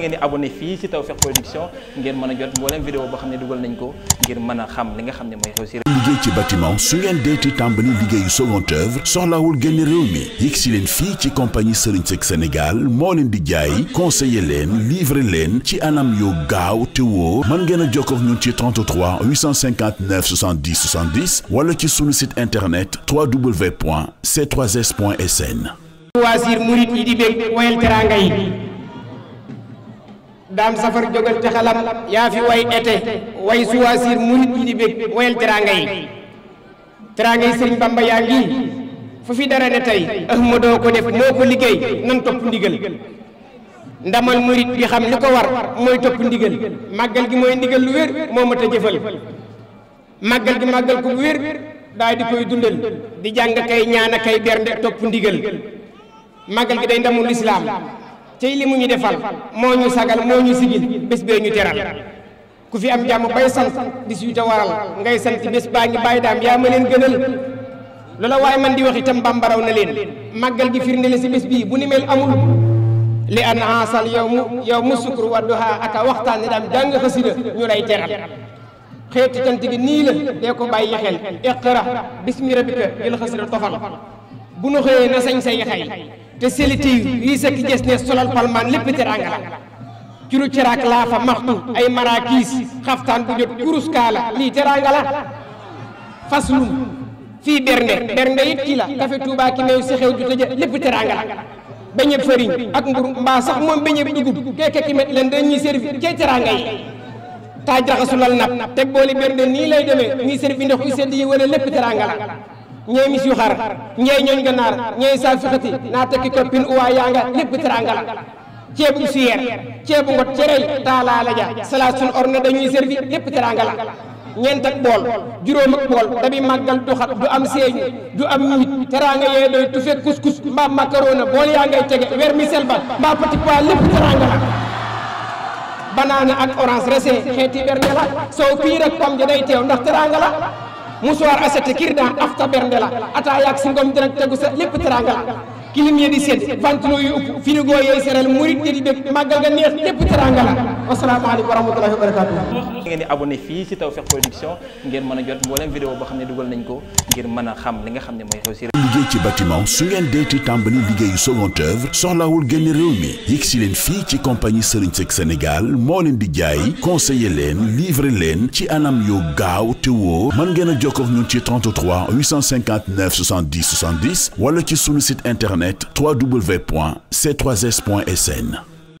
ngeen di abonné fii ci Tawfekh Production ngeen mën a jot boo xam ne dugal nañ ko ngir mën a xam li ci liggéey ci bâtiment su ngeen deeti tàmbali liggéeyu second œuvre soxlaawul génn ci compagnie Serigne Seck Sénégal moo leen di jaay conseiller leen livrer leen ci anam yoo gaaw te woo mën ngeen a jokkoo ci 33 ci sunu site internet www.c3s.sn. Waasir murit yi di bég woyal teranga yi. daam safar jógal te xalam yaa fi way ete way suwaasir murit yi di bég wayal teraanga yi teraanga yi sëriñ bamba yaa ngi fu fi dara ne tey ahmadoo ko def moo ko liggéey nan topp ndigal ndamal murit bi xam li ko war mooy topp ndigal màggal gi mooy ndigal lu wér moo mat a jëfal màggal gi màggal ko bu wér daal di koy dundal di jàng kay ñaan a kay bernde topp ndigal màggal gi day ndamul lislaam tey li mu ñu defal moo ñu sagal moo ñu sigil bés bee ñu teral ku fi am jàmm bay sant di suñu ta waral ngay sant bés baa ngi bàyyi daam yaa ma leen gënal loola waaye man di wax itam bambaraw na leen màggal gi firnde la si bés bii bu ni mel amul li an asal yow mu yow mu sukkur wadduha aka waxtaan ne daam jàng xasida ñu lay teral xeetu cant gi nii la dee ko bàyyi xel iqra bismi rabbika bil xasida tofal bu nu xëyee na sañ say xay te seliti yi sekki ges ne solal palmaan lépp teraanga la juru ceraak laa fa maxtu ay maraakiis xaftaan bu jot kurus kaala lii teraanga la faslum fii bernde bernde yit kii la café Touba ki neew si xew ju tëje lépp teraanga la beñe fariñ ak mburu mbaa sax moom beñe dugub keke ki met leen dañuy servi cee teraanga yi taaj raxasulal nap teg booli bernde nii lay demee ñuy servi ndox ku sedd yi wala lépp teraanga la ñey mis yu xar ñey ñooñ ganaar ñey sal fixati naa tekki koppin uwaa yaa nga lépp teranga la ceebu suyeer ceebu ngot cerey taalaa la ja salaa sun orne dañuy servi lépp teranga la ñeent ak bool juróom ak bool dabi màggal du xat du am seeñu du am ñuit teranga yee doy tufe kuskus mbaa macarona bool yaa ngay tege vermicelle ba mbaa petit pois lépp teranga la banaana ak orange resé xeeti berne la soow piir ak pam ja day teew ndax teranga la musuwaar asete kirɗa afta bernde la ata yaak singom dina tegu sa lépp teranga la kilim ya di seet ventilo yu ëpp frigo yooyu seral murit ya di dëkk màggal nga neex lépp teranga la wasalaamaaleykum wa rahmatullahi wa barakatu ngeen mën a jot mboolem vidéo boo xam ne dugal nañ ko ngir mën a xam li nga xam ne mooy xew ci liggéey ci bâtiment su ngeen deeti tàmbali liggéeyu second œuvre soxlawul génn réew mi yegg si leen fii ci compagnie Serigne Seck Sénégal moo leen di jaay conseiller leen livrer leen ci anam yu gaaw te wóor mën ngeen a jokkoo ak ñun ci 33 859 70 70 wala ci sunu site internet internet www.c3s.sn